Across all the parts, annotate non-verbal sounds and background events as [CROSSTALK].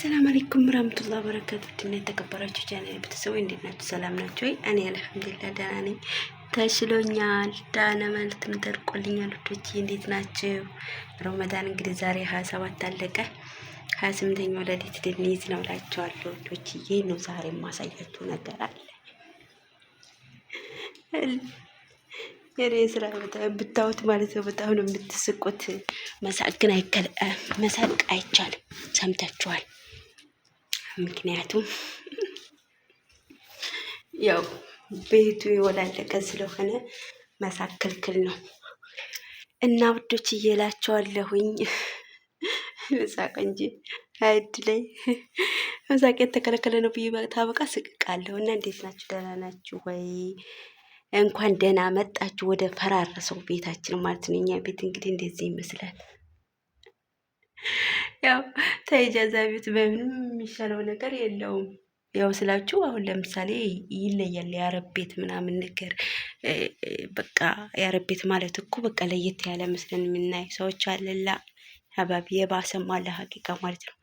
አሰላም አለይኩም ረህመቱላህ በረካቱ ድና የተከበራችሁ ቻናል ቤተሰቦች እንዴት ናችሁ? ሰላም ናችሁ ወይ? እኔ አልሐምዱሊላህ ደህና ነኝ፣ ተሽሎኛል። ዳነ መልት ምጠርቆልኛል። ውዶች እንዴት ናችሁ? ረመዳን እንግዲህ ዛሬ ሀያ ሰባት አለቀ። ሀያ ስምንተኛው ለሊት ልንይዝ ነው እላቸዋለሁ። ውዶች ይህ ነው ዛሬ የማሳያችሁ ነገር አለ። የኔ ስራ ብታዩት ማለት ነው በጣም ነው የምትስቁት። መሳቅ ግን መሳቅ አይቻልም። ሰምታችኋል። ምክንያቱም [LAUGHS] ያው ቤቱ የወላለቀ ስለሆነ መሳቅ ክልክል ነው እና ውዶች እየላቸዋለሁኝ መሳቅ [LAUGHS] እንጂ አይድ ላይ [LAUGHS] መሳቅ የተከለከለ ነው ብዬ ታበቃ ስቅቃለሁ። እና እንዴት ናችሁ? ደህና ናችሁ ወይ? እንኳን ደህና መጣችሁ ወደ ፈራረሰው ቤታችን ማለት ነው። እኛ ቤት እንግዲህ እንደዚህ ይመስላል። ያው ተኢጃዛ ቤት በምንም የሚሻለው ነገር የለውም። ያው ስላችሁ አሁን ለምሳሌ ይለያል የአረብ ቤት ምናምን ነገር በቃ የአረብ ቤት ማለት እኮ በቃ ለየት ያለ ምስልን የምናይ ሰዎች አለላ አባቢ የባሰም አለ ሀቂቃ ማለት ነው።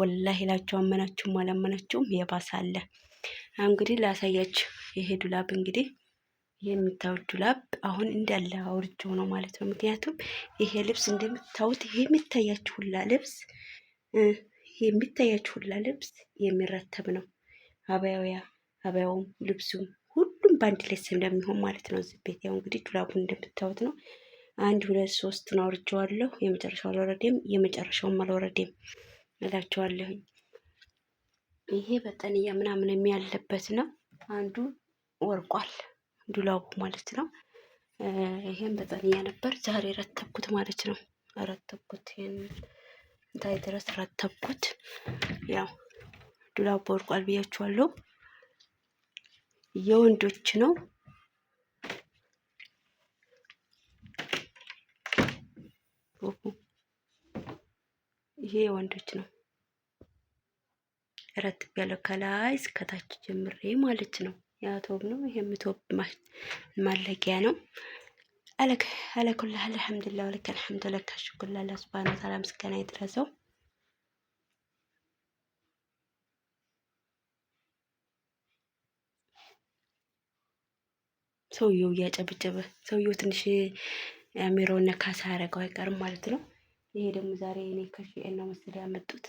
ወላሂ እላችሁ አመናችሁም አላመናችሁም የባሰ አለ። እንግዲህ ላሳያችሁ የሄዱላብ እንግዲህ የምታዩት ዱላብ አሁን እንዳለ አውርቼው ነው ማለት ነው። ምክንያቱም ይሄ ልብስ እንደምታዩት ይሄ የሚታያችሁ ልብስ የሚታያችሁ ሁላ ልብስ የሚረተብ ነው። አበያውያ አበያውም ልብሱም ሁሉም በአንድ ላይ ስለሚሆን ማለት ነው። እዚህ ቤት ያው እንግዲህ ዱላቡን እንደምታዩት ነው። አንድ ሁለት ሶስት ነው አውርጄዋለሁ። የመጨረሻው አልወረደም፣ የመጨረሻውም አልወረደም እላቸዋለሁኝ። ይሄ በጠንያ ምናምን የሚያለበት ነው። አንዱ ወርቋል። ዱላው ማለት ነው። ይሄን በጠንያ ነበር ዛሬ ረተብኩት ማለት ነው። ረተብኩት ይሄን እንታይ ድረስ ረተብኩት። ያው ዱላው ወርቋል ብያችኋለሁ። የወንዶች ነው። ይሄ የወንዶች ነው። ረትብ ያለው ከላይ እስከታች ጀምሬ ማለት ነው። ያቶብ ነው። ይሄም ቶብ ማለቂያ ነው። አለክ አለኩላህ አልሐምዱሊላህ ወለከ አልሐምዱ ለከ ሽኩር ለአላህ ሱብሃነሁ ወተዓላ ምስጋና ይድረሰው። ሰውየው እያጨበጨበ ሰውየው ትንሽ አሚሮ ነካ ሳያደርገው አይቀርም ማለት ነው። ይሄ ደግሞ ዛሬ እኔ ከሽኤን እና መሰለኝ ያመጡት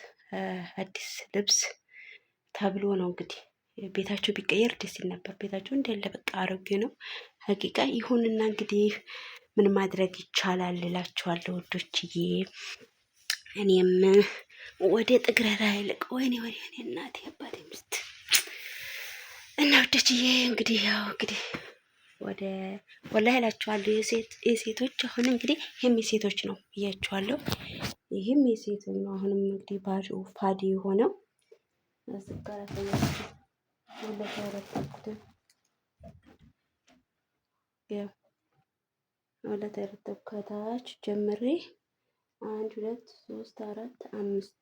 አዲስ ልብስ ተብሎ ነው እንግዲህ ቤታቸው ቢቀየር ደስ ይል ነበር። ቤታቸው እንዳለ በቃ አሮጌ ነው። ሀቂቃ ይሁንና እንግዲህ ምን ማድረግ ይቻላል እላችኋለሁ ውዶችዬ። እኔም ወደ ጥግረራ ይልቅ ወይኔ ወይኔ እናቴ አባቴ ምስት እና ውዶችዬ እንግዲህ ያው እንግዲህ ወደ ወላ እላችኋለሁ የሴቶች አሁን እንግዲህ ይህም የሴቶች ነው ብያችኋለሁ። ይህም የሴቶች ነው። አሁንም እንግዲህ ባዶ ፋዲ የሆነው እዚህ ጋር ወለፈ ያረጠብኩትን ያው ወለተ ያረጠብኩ ከታች ጀምሬ አንድ ሁለት ሶስት አራት አምስት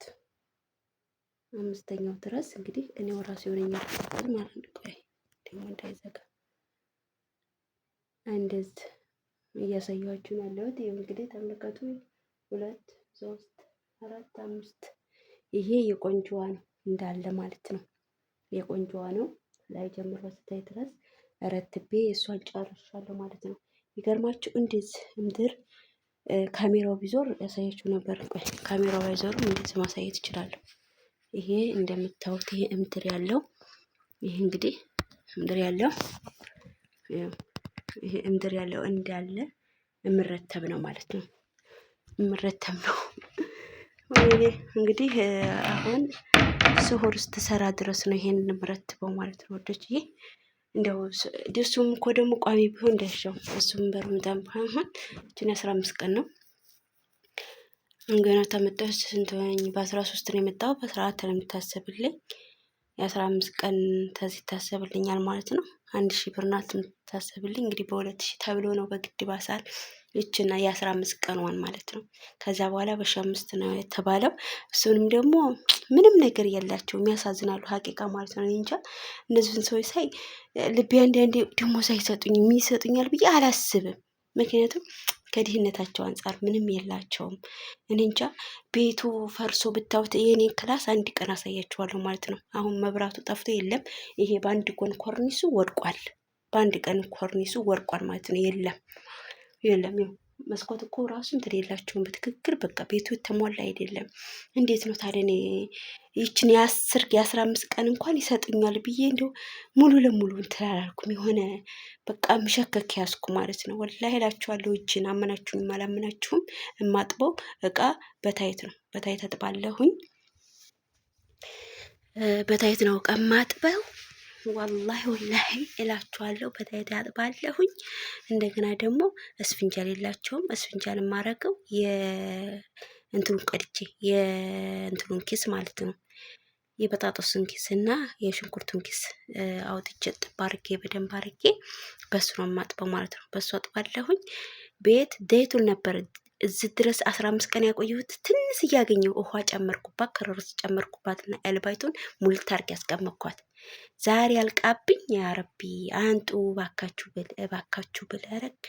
አምስተኛው ድረስ እንግዲህ እኔ ወራሴ ሆነኛል ማለት ነው። ቆይ ደግሞ እንዳይዘጋ እንደዚህ እያሳየኋችሁ ያለሁት ይሄ እንግዲህ ተመልከቱ። ሁለት ሶስት አራት አምስት ይሄ የቆንጆዋ ነው እንዳለ ማለት ነው። የቆንጆዋ ነው ላይ ጀምሮ ስታይ ድረስ ረትቤ እሷን ጨርሻለሁ ማለት ነው። ይገርማችሁ እንዴት ምድር ካሜራው ቢዞር ያሳያችሁ ነበር። ቆይ ካሜራው ባይዞርም እንዴት ማሳየት እችላለሁ። ይሄ እንደምታዩት ይሄ እምድር ያለው ይሄ እንግዲህ እምድር ያለው ይሄ እምድር ያለው እንዳለ የምረተብ ነው ማለት ነው። የምረተብ ነው እንግዲህ አሁን ስሆር ስትሰራ ድረስ ነው ይሄንን ምረትበው ማለት ነው ወዶች። ይሄ እንደው ድርሱም እኮ ደግሞ ቋሚ ቢሆን እንዳይሻው እሱም በርምጣም ባይሆን እችን አስራ አምስት ቀን ነው ገና ተመጣች ስንት ሆነኝ? በአስራ ሶስት ነው የመጣው በስርዓት ነው የምታሰብልኝ። የአስራ አምስት ቀን ተዚህ ይታሰብልኛል ማለት ነው። አንድ ሺህ ብር ናት የምታሰብልኝ እንግዲህ በሁለት ሺህ ተብሎ ነው በግድ ባሳል ይችና የአስራ አምስት ቀኗን ማለት ነው። ከዛ በኋላ በሺ አምስት ነው የተባለው። እሱንም ደግሞ ምንም ነገር የላቸውም ያሳዝናሉ። ሀቂቃ ማለት ነው። እንጃ እነዚህን ሰዎች ሳይ ልቤ አንዳንዴ ደግሞ ሳይሰጡኝ ይሰጡኛል ብዬ አላስብም። ምክንያቱም ከድህነታቸው አንጻር ምንም የላቸውም። እኔ እንጃ ቤቱ ፈርሶ ብታዩት የኔ ክላስ አንድ ቀን አሳያችኋለሁ ማለት ነው። አሁን መብራቱ ጠፍቶ የለም። ይሄ በአንድ ጎን ኮርኒሱ ወድቋል። በአንድ ቀን ኮርኒሱ ወድቋል ማለት ነው። የለም የለም ያው መስኮት እኮ ራሱ እንትን የላቸውም በትክክል በቃ ቤቱ የተሟላ አይደለም። እንዴት ነው ታዲያ እኔ ይችን የአስር የአስራ አምስት ቀን እንኳን ይሰጡኛል ብዬ እንዲሁ ሙሉ ለሙሉ እንትን አላልኩም። የሆነ በቃ ምሸከክ ያዝኩ ማለት ነው። ወላሂ እላችኋለሁ። እጅን አመናችሁም አላመናችሁም የማጥበው እቃ በታይት ነው። በታይት አጥባለሁኝ። በታይት ነው እቃ የማጥበው። ወላሂ ወላሂ እላችኋለሁ። በተዳ ባለሁኝ እንደገና ደግሞ እስፍንጃል የላቸውም። እስፍንጃል የማረገው የእንትኑን ቀድቼ የእንትኑን ኪስ ማለት ነው የበጣጦስን ኪስ እና የሽንኩርቱን ኪስ አውጥቼ ጥብ አርጌ በደንብ አርጌ በሱ ነው የማጥበው ማለት ነው። በሱ አጥባለሁኝ። ቤት ደይቱል ነበር እዚህ ድረስ አስራ አምስት ቀን ያቆየሁት ትንስ እያገኘው ውሃ ጨመርኩባት፣ ከረርስ ጨመርኩባትና ኤልባይቱን ሙልት አድርጌ ያስቀመጥኳት። ዛሬ አልቃብኝ። ያረቢ አንጡ ባካችሁ ብል ባካችሁ ብል ያረግ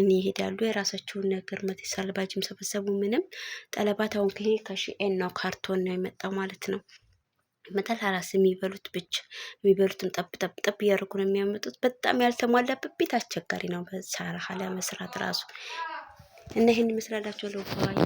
እኔ ይሄዳሉ። የራሳቸውን ነገር መት ሳልባጅም ሰበሰቡ። ምንም ጠለባት አሁን ከሄ ከሽኤን ነው ካርቶን ነው የመጣው ማለት ነው። መጣል አራስ የሚበሉት ብቻ የሚበሉትን ጠብ ጠብ ጠብ እያደረጉ ነው የሚያመጡት። በጣም ያልተሟላበት ቤት አስቸጋሪ ነው። በሳራ ለመስራት ራሱ እና ይሄን ይመስላላችሁ። ባይ